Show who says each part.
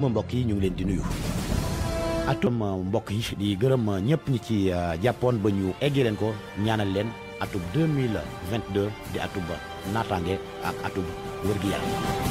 Speaker 1: mu mbokk yi ñu ngi leen di nuyu atum euh, mbokk yi di gërëm euh, ñëpp ñi ci euh, jàppoon ba ñu eggi ko ñaanal leen atub 2022 di atub
Speaker 2: naataange ak atub wër gi yaram